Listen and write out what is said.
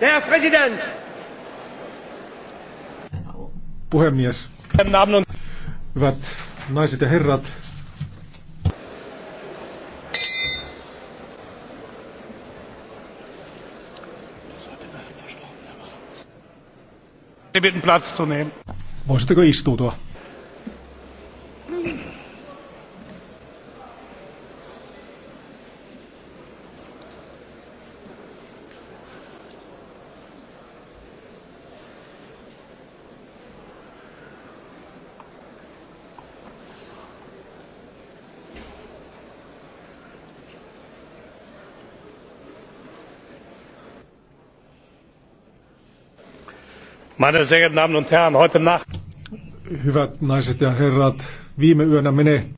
Der Präsident! Puhemies. Hyvät naiset ja herrat. Voisitteko istuutua? Meine sehr geehrten Damen und Herren, heute Nacht. Hyvät naiset ja herrat, viime yönä menehti.